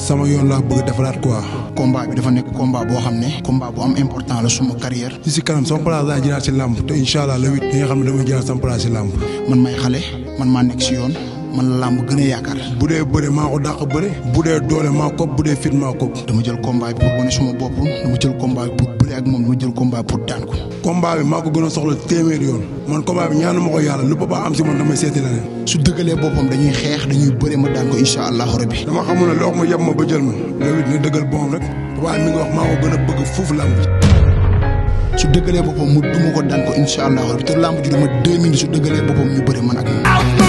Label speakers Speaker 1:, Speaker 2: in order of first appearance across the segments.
Speaker 1: sama yoon laa bëgg defaraat quoi. combat bi dafa nekk combat boo xam ne. combat bu am important la suma carrière. ci si kanam sama place laa jëlaat ci làmb te incha la le huit. li xam ne damay jëlaat sama place ci làmb. man may xale man maa nekk si yoon. man la làmb gën a yaakaar bu dee bëre maa ko dàq bëre bu dee doole maa ko bu dee fit maa ko dama jël combat bi pour wane suma bopp dama jël combat bi pour bëre ak moom dama jël combat pour daan ko combat bi maa ko gën a soxla téeméer yoon man combat bi ñaanu ma ko yàlla lu papa am si man damay seeti leneen boppam dañuy xeex dañuy bëre ma daan ko incha allahu rabbi dama xamul ne loox ma yeb ma ba jël ma loolu rek a bëgg foofu làmb su dëggalee boppam mu duma ko daan ko incha allah rabbi te làmb ji dama deux minutes su dëggalee boppam ñu bëre man ak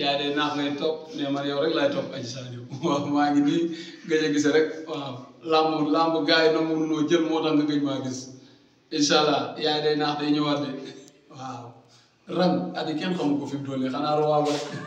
Speaker 2: yaa de naax ngay topp mais man rek laay topp Adji Sarr waaw maa ngi nii gëj a gise rek waaw làmb làmb gars yi nag mënuloo jël moo tax nga gëj maa gis incha allah yaa naax day ñëwaat de waaw ran at yi kenn xamu ko fi mu toll xanaa rawaa rek